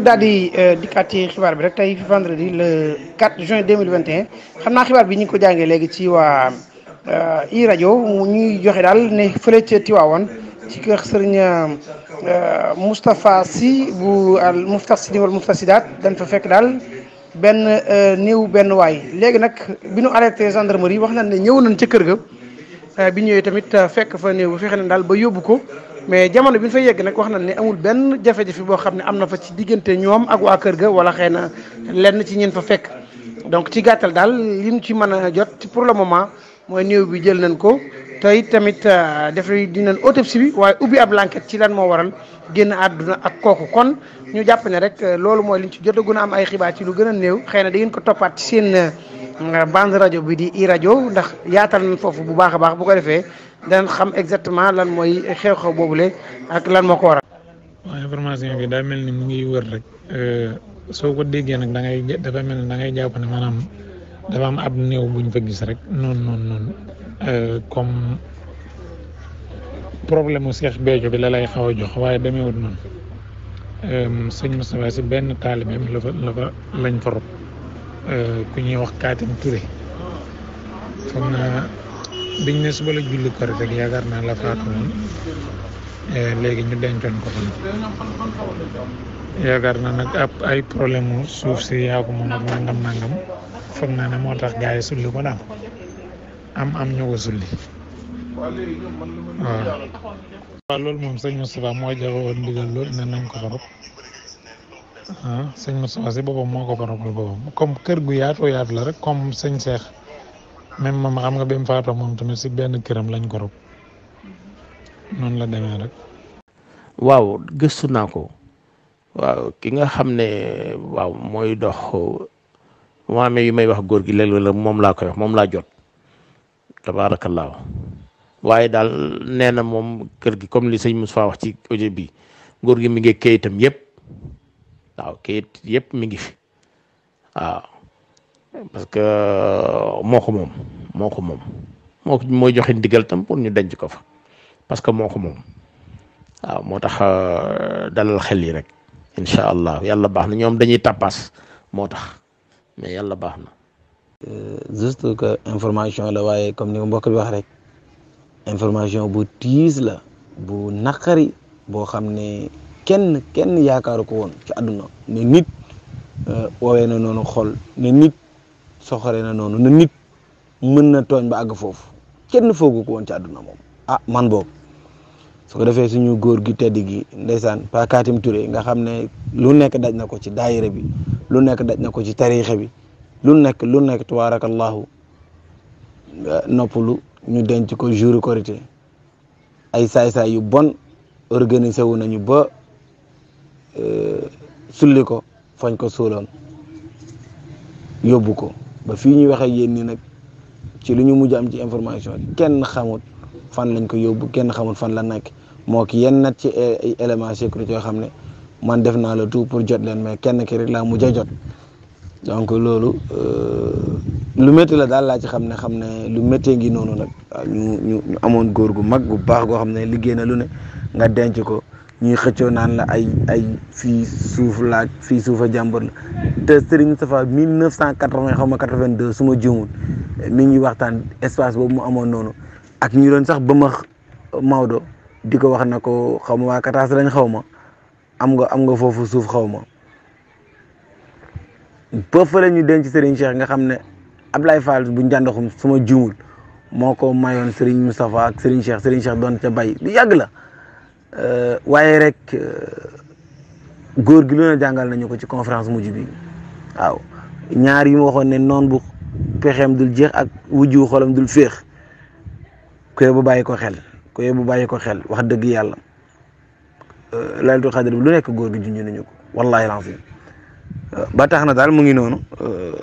ñu daal di euh, dikkaat ci xibaar bi rek tey vendredi le 4 juin 2021 xam naa xibaar bi ñu ko jàngee léegi ci waa i rajo mu ñuy joxe daal ne fële ca Tiwaawoon ci kër sëriñ euh, Moustapha si bu al Moustafsidin wal Moustafsidaat dañ fa fekk daal benn euh, néew benn waay léegi nag bi nu ñu arrêté gendarmerie wax na ne ñëw nañ ca kër ga bi ñëwee tamit fekk fa néew bu fexe na daal ba yóbbu ko. mais jamono bi ñu fay yegg nag wax na ne amul benn jafe-jafe boo xam ne am na fa ci diggante ñoom ak waa kër ga wala xëy na lenn ci ñeen fa fekk donc ci gàttal daal li ñu ci mën a jot ci pour le moment mooy néew bi jël nañ ko te it tamit euh, def dinañ autopsie bi waaye ubbi ab enquête ci lan moo waral génn àdduna ak kooku kon ñu jàpp ne rek euh, loolu mooy liñ ci jot a am ay xibaar ci lu gën a néew xëy na da ngeen ko toppaat ci seen. Euh, bande rajo bi di i rajo ndax yaatal nañ foofu bu baax a baax bu ko defee danañ xam exactement lan mooy xew-xew boobule ak lan moo ko waral. waaw information bi daa mel ni mu ngi wër rek euh, soo ko déggee nag da ngay dafa mel ni da ngay jàpp ne maanaam dafa am ab néew buñ fa gis rek noonu noonu noonu euh, problème mu Cheikh Béthio bi la lay xaw a jox waaye demeewut noonu euh, sëñ Moustapha si benn taalibeem la lañ fa Euh, ku ñuy wax Kaatim Touré foog naa biñ ne suba la julli ko rek yaakaar naa la faatu moom euh, léegi ñu dencoon ko fan yaakaar naa nag ay problème mu suuf si yaa ko moom ak nangam nangam foog naa ne moo tax gars sulli ko daal am am ñu sulli waaw. waaw loolu moom sëñ Moustapha moo joxe ndigal loolu ne nañ ko fa ah sëñ Moustapha si boppam moo ko boromal boppam comme kër gu yaato yaat la rek comme sëñ Seex même moom xam nga bi mu moom tamit si benn këram lañ ko rob noonu la demee rek. waaw gëstu naa ko waaw ki nga xam ne waaw mooy dox waame yu may wax góor gi léeg la moom laa koy wax moom laa jot tabaarakallaahu waaye daal nee na moom kër gi comme li sëñ Moustapha wax ci audio bi góor gi mi ngi kayitam yépp waaw kayit yëpp mi ngi fi waaw parce que euh, moo ko moom moo ko moom moo ko mooy joxe tam pour ñu denc ko fa parce que moo ko moom waaw moo tax euh, dalal xel yi rek incha allah yàlla baax na ñoom dañuy tappaas moo tax mais yàlla baax na. Euh, juste que information la waaye comme ni ko mbokk bi wax rek information bu tiis la bu naqari boo xam ne. kenn kenn yaakaaru ko woon ci àdduna ne nit euh, woowee na noonu xool ne nit soxore na noonu ne nit mën na tooñ ba àgg foofu kenn foogu ko woon ci àdduna moom ah man boobu su ko defee suñu góor gi tedd gi ndeysaan Pa Kaatim Touré nga xam ne lu nekk daj na ko ci daayira bi lu nekk daj na ko ci tariixa bi lu nekk lu nekk tabaarakallaahu noppalu ñu denc ko jour korité ay saay-saay yu bon organisé wu nañu ba Euh, sulli ko fañ ko suuloon yóbbu ko ba fii ñuy wax ak yéen nii nag ci lu ñu mujj am ci information kenn xamut fan lañ ko yóbbu kenn xamut fan la nakk moo ki yenn nat ci ay élément sécurité yoo xam ne man def naa la tout pour jot leen mais kenn ki rek laa mujj jot donc loolu euh, lu métti la daal laa ci xam ne xam ne lu méttee ngi noonu nag ñu amoon góor gu mag gu baax goo xam ne liggéey na lu ne nga denc ko ñuy xëccoo naan la ay ay fii suuf laaj fii suuf a jàmbur la te Serigne Moustapha mille neuf cent quatre-vingt xaw ma quatre-vingt-deux su mi ngi waxtaan espace boobu mu amoon noonu ak ñu doon sax ba ma Maodo di ko wax na ko xaw ma waa Kataas lañ xaw ma am nga am nga foofu suuf xaw ma ba fa la ñu denc Serigne Cheikh nga xam ne Ablaye Fall bu njàndoxum su ma juumul moo ko mayoon Serigne Moustapha ak Serigne Cheikh Serigne Cheikh doon ca bay lu yàgg la Euh, waaye rek euh, góor gi lu ne jàngal nañu ko ci conférence mujj bi waaw ñaar yi mu waxoon ne noon bu pexeem dul jeex ak wujju xolam dul féex ku bu bàyyi ko xel ku bu bàyyi ko xel wax dëgg yàlla euh, laylatul xadr bi lu nekk góor gi junj nañu ko wallaahi fi ba tax na daal mu ngi noonu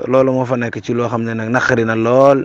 loolu moo fa nekk ci loo xam ne nag xëri na lool